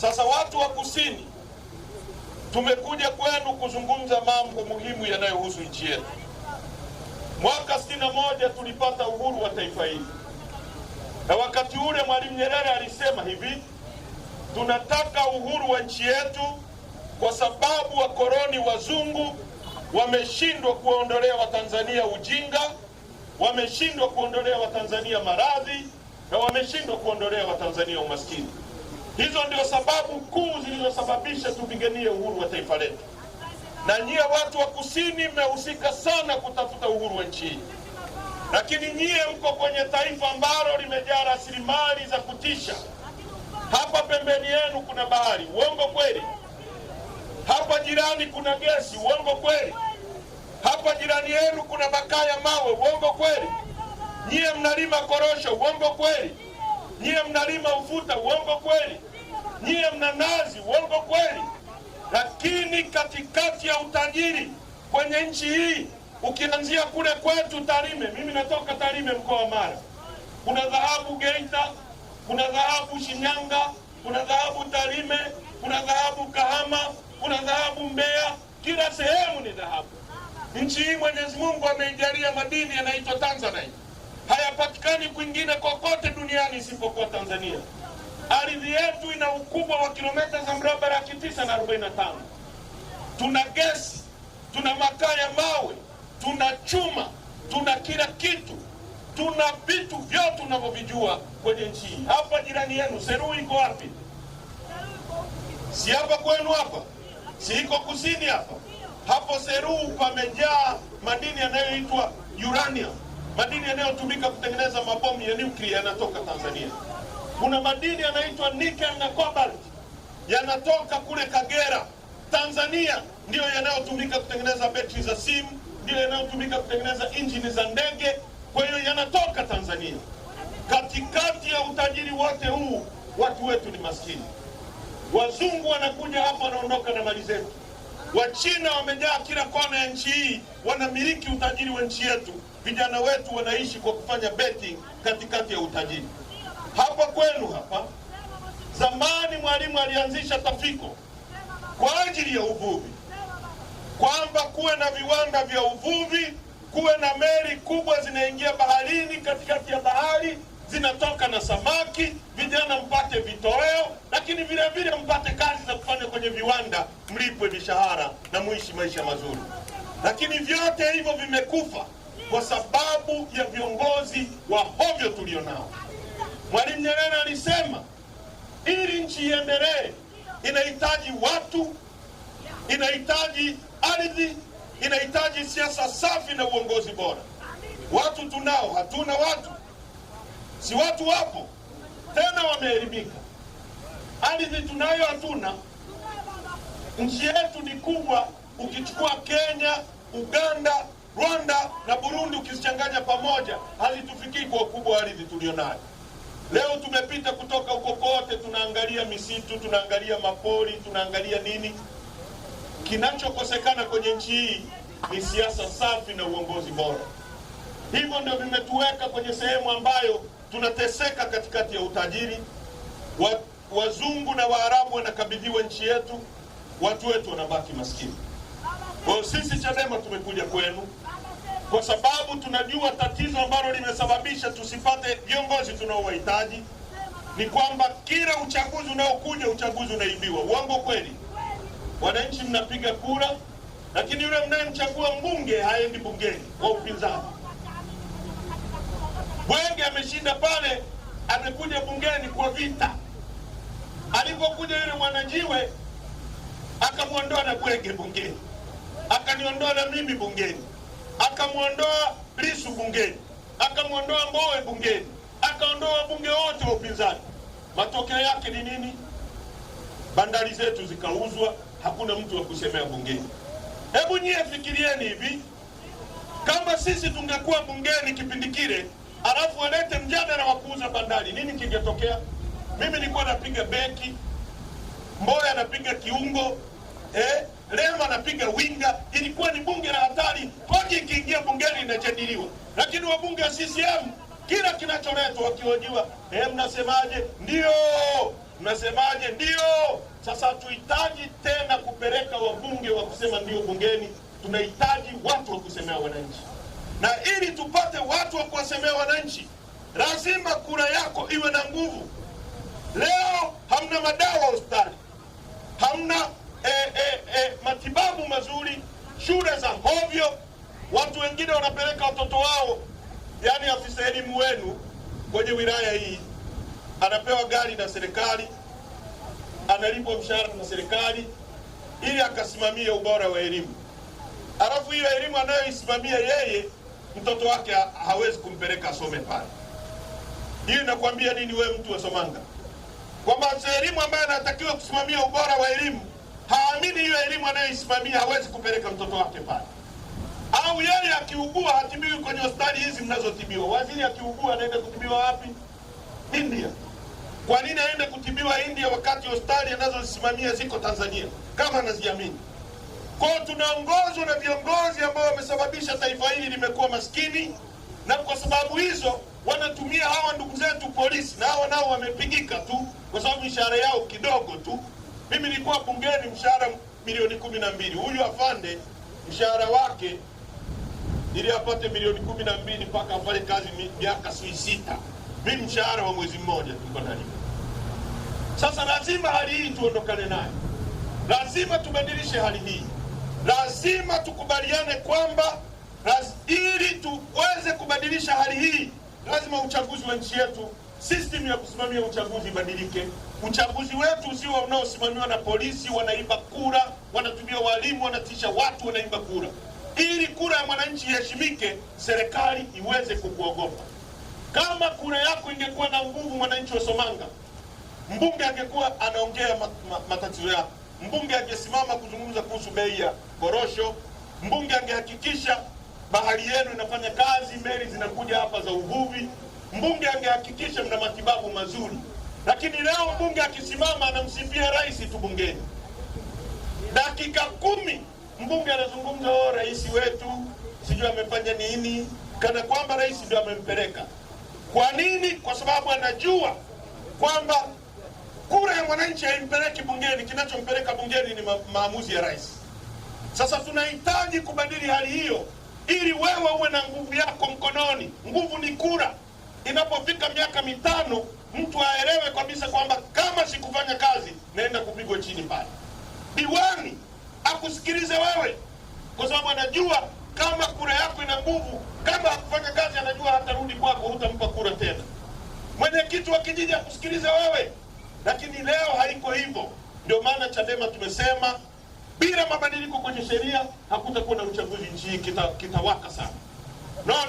Sasa watu wa kusini, tumekuja kwenu kuzungumza mambo muhimu yanayohusu nchi yetu. Mwaka sitini na moja tulipata uhuru wa taifa hili, na wakati ule Mwalimu Nyerere alisema hivi, tunataka uhuru wa nchi yetu kwa sababu wakoloni wazungu wameshindwa kuwaondolea Watanzania ujinga, wameshindwa kuondolea Watanzania maradhi na wameshindwa kuondolea Watanzania umaskini. Hizo ndio sababu kuu zilizosababisha tupiganie uhuru wa taifa letu, na nyie watu wa kusini mmehusika sana kutafuta uhuru wa nchi hii, lakini nyie mko kwenye taifa ambalo limejaa rasilimali za kutisha. Hapa pembeni yenu kuna bahari, uongo kweli? Hapa jirani kuna gesi, uongo kweli? Hapa jirani yenu kuna makaa ya mawe, uongo kweli? Nyie mnalima korosho, uongo kweli? Nyie mnalima ufuta, uongo kweli? nyiye mna nazi, uongo kweli? Lakini katikati ya utajiri kwenye nchi hii, ukianzia kule kwetu Tarime, mimi natoka Tarime, mkoa wa Mara, kuna dhahabu Geita, kuna dhahabu Shinyanga, kuna dhahabu Tarime, kuna dhahabu Kahama, kuna dhahabu Mbeya, kila sehemu ni dhahabu. Nchi hii Mwenyezi Mungu ameijalia madini yanaitwa Tanzanite, hayapatikani kwingine kokote duniani isipokuwa Tanzania. Ardhi yetu ina ukubwa wa kilomita za mraba laki tisa na arobaini na tano. Tuna gesi, tuna makaa ya mawe, tuna chuma, tuna kila kitu, tuna vitu vyote unavyovijua kwenye nchi hii. Hapa jirani yenu Seru iko wapi? Si hapa kwenu, hapa si iko kusini hapa hapo Seru pamejaa madini yanayoitwa uranium, madini yanayotumika kutengeneza mabomu ya nuklia yanatoka Tanzania. Kuna madini yanaitwa nickel na cobalt yanatoka kule Kagera, Tanzania, ndiyo yanayotumika kutengeneza betri za simu, ndiyo yanayotumika kutengeneza injini za ndege. Kwa hiyo yanatoka Tanzania. Katikati ya utajiri wote huu, watu wetu ni maskini. Wazungu wanakuja hapa, wanaondoka na mali zetu. Wachina wamejaa kila kona ya nchi hii, wanamiliki utajiri wa nchi yetu. Vijana wetu wanaishi kwa kufanya betting katikati ya utajiri hapa kwenu hapa. Zamani Mwalimu alianzisha Tafiko kwa ajili ya uvuvi, kwamba kuwe na viwanda vya uvuvi, kuwe na meli kubwa zinaingia baharini, katikati ya bahari zinatoka na samaki, vijana mpate vitoweo, lakini vile vile mpate kazi za kufanya kwenye viwanda, mlipwe mishahara na muishi maisha mazuri. Lakini vyote hivyo vimekufa kwa sababu ya viongozi wa hovyo tulionao. Mwalimu Nyerere alisema ili nchi iendelee inahitaji watu, inahitaji ardhi, inahitaji siasa safi na uongozi bora. Watu tunao, hatuna watu? Si watu wapo, tena wameelimika. Ardhi tunayo, hatuna? Nchi yetu ni kubwa, ukichukua Kenya, Uganda, Rwanda na Burundi ukizichanganya pamoja, hazitufikii kwa ukubwa wa ardhi tulionayo. Leo tumepita kutoka huko kote, tunaangalia misitu, tunaangalia mapori, tunaangalia nini. Kinachokosekana kwenye nchi hii ni siasa safi na uongozi bora. Hivyo ndio vimetuweka kwenye sehemu ambayo tunateseka katikati ya utajiri. Wazungu na Waarabu wanakabidhiwa nchi yetu, watu wetu wanabaki maskini. Kwa hiyo sisi CHADEMA tumekuja kwenu kwa sababu tunajua tatizo ambalo limesababisha tusipate viongozi tunaowahitaji ni kwamba kila uchaguzi unaokuja, uchaguzi unaibiwa. Uongo kweli? Wananchi mnapiga kura, lakini yule mnayemchagua mbunge haendi bungeni wa upinzani. Bwenge ameshinda pale, amekuja bungeni kwa vita. Alipokuja yule mwanajiwe akamwondoa na Bwenge bungeni, akaniondoa na mimi bungeni akamwondoa Lisu bungeni, akamwondoa Mbowe bungeni, akaondoa bunge wote wa upinzani. Matokeo yake ni nini? Bandari zetu zikauzwa, hakuna mtu wa kusemea bungeni. Hebu nyie fikirieni hivi, kama sisi tungekuwa bungeni kipindi kile alafu walete mjadala wa kuuza bandari, nini kingetokea? Mimi nilikuwa napiga beki, Mboya anapiga kiungo eh? Lema anapiga winga, ilikuwa ni bunge la hatari, hoja ikiingia bungeni inajadiliwa. Lakini wabunge wa CCM kila kinacholetwa wakihojiwa, eh, mnasemaje? Ndio, mnasemaje? Ndio. Sasa tuhitaji tena kupeleka wabunge wa kusema ndio bungeni, tunahitaji watu wa kusemea wananchi, na ili tupate watu wa kuwasemea wananchi, lazima kura yako iwe na nguvu. Leo hamna madawa hospitali, hamna eh, eh, eh, matibabu mazuri, shule za hovyo. Watu wengine wanapeleka watoto wao, yani afisa elimu wenu kwenye wilaya hii anapewa gari na serikali, analipwa mshahara na serikali ili akasimamie ubora wa elimu, alafu hiyo elimu anayoisimamia yeye mtoto wake hawezi kumpeleka asome pale. hiyi inakwambia nini wewe, mtu wa Somanga, kwamba elimu ambaye anatakiwa kusimamia ubora wa elimu haamini hiyo elimu anayoisimamia, hawezi kupeleka mtoto wake pale. Au yeye akiugua hatibiwi kwenye hospitali hizi mnazotibiwa. Waziri akiugua anaenda kutibiwa wapi? India. Kwa nini aende kutibiwa India wakati hospitali anazozisimamia ziko Tanzania kama anaziamini? Kwao tunaongozwa na viongozi ambao wamesababisha taifa hili limekuwa maskini, na kwa sababu hizo wanatumia hawa ndugu zetu polisi, na hawa nao wamepigika tu kwa sababu mishahara yao kidogo tu. Mimi nilikuwa bungeni, mshahara milioni kumi na mbili. Huyu afande mshahara wake ili apate milioni kumi na mbili mpaka afanye kazi miaka si sita. Mimi mshahara wa mwezi mmoja tuko Sasa lazima hali hii tuondokane nayo, lazima tubadilishe hali hii, lazima tukubaliane kwamba ili tuweze kubadilisha hali hii lazima uchaguzi wa nchi yetu, system ya kusimamia uchaguzi ibadilike. Uchaguzi wetu usio unaosimamiwa na polisi, wanaiba kura, wanatumia walimu, wanatisha watu, wanaiba kura. Ili kura ya mwananchi iheshimike, serikali iweze kukuogopa. Kama kura yako ingekuwa na nguvu, mwananchi wa Somanga, mbunge angekuwa anaongea matatizo yako, mbunge angesimama kuzungumza kuhusu bei ya korosho, mbunge angehakikisha bahari yenu inafanya kazi, meli zinakuja hapa za uvuvi, mbunge angehakikisha mna matibabu mazuri. Lakini leo mbunge akisimama anamsifia rais tu bungeni, dakika kumi mbunge anazungumza, oh, rais wetu sijui amefanya nini, kana kwamba rais ndio amempeleka. Kwa nini? Kwa sababu anajua kwamba kura ya mwananchi haimpeleki bungeni, kinachompeleka bungeni ni ma maamuzi ya rais. Sasa tunahitaji kubadili hali hiyo, ili wewe uwe na nguvu yako mkononi. Nguvu ni kura. Inapofika miaka mitano mtu aelewe kabisa kwamba kama sikufanya kazi naenda kupigwa chini pale. Diwani akusikilize wewe, kwa sababu anajua kama kura yako ina nguvu. Kama hakufanya kazi, anajua hatarudi kwako, hutampa kura tena. Mwenyekiti wa kijiji akusikilize wewe, lakini leo haiko hivyo. Ndio maana Chadema tumesema bila mabadiliko kwenye sheria hakutakuwa na uchaguzi. Nchi hii kitawaka kita sana.